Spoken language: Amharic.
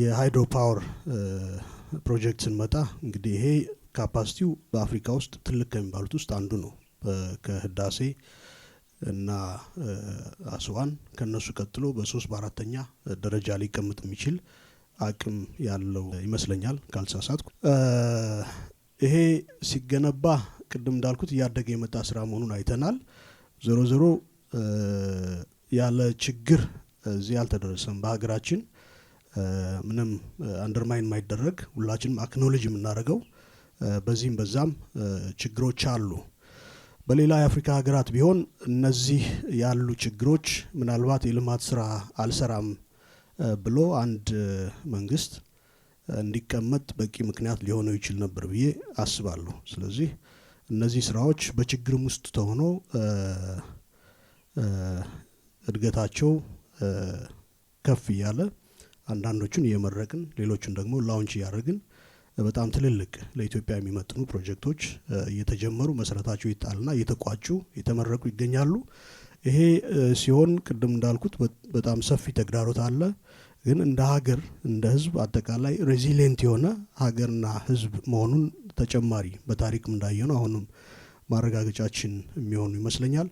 የሃይድሮ ፓወር ፕሮጀክት ስንመጣ እንግዲህ ይሄ ካፓሲቲው በአፍሪካ ውስጥ ትልቅ ከሚባሉት ውስጥ አንዱ ነው። ከህዳሴ እና አስዋን ከነሱ ቀጥሎ በሶስት በአራተኛ ደረጃ ሊቀመጥ የሚችል አቅም ያለው ይመስለኛል ካልተሳሳትኩ። ይሄ ሲገነባ ቅድም እንዳልኩት እያደገ የመጣ ስራ መሆኑን አይተናል። ዞሮ ዞሮ ያለ ችግር እዚህ አልተደረሰም በሀገራችን ምንም አንደርማይን የማይደረግ ሁላችንም አክኖሎጅ የምናደርገው በዚህም በዛም ችግሮች አሉ። በሌላ የአፍሪካ ሀገራት ቢሆን እነዚህ ያሉ ችግሮች ምናልባት የልማት ስራ አልሰራም ብሎ አንድ መንግስት እንዲቀመጥ በቂ ምክንያት ሊሆነው ይችል ነበር ብዬ አስባለሁ። ስለዚህ እነዚህ ስራዎች በችግርም ውስጥ ተሆኖ እድገታቸው ከፍ እያለ አንዳንዶቹን እየመረቅን ሌሎቹን ደግሞ ላውንች እያደረግን በጣም ትልልቅ ለኢትዮጵያ የሚመጥኑ ፕሮጀክቶች እየተጀመሩ መሰረታቸው ይጣልና እየተቋጩ የተመረቁ ይገኛሉ። ይሄ ሲሆን ቅድም እንዳልኩት በጣም ሰፊ ተግዳሮት አለ። ግን እንደ ሀገር እንደ ህዝብ አጠቃላይ ሬዚሊየንት የሆነ ሀገርና ህዝብ መሆኑን ተጨማሪ በታሪክም እንዳየነው አሁንም ማረጋገጫችን የሚሆኑ ይመስለኛል።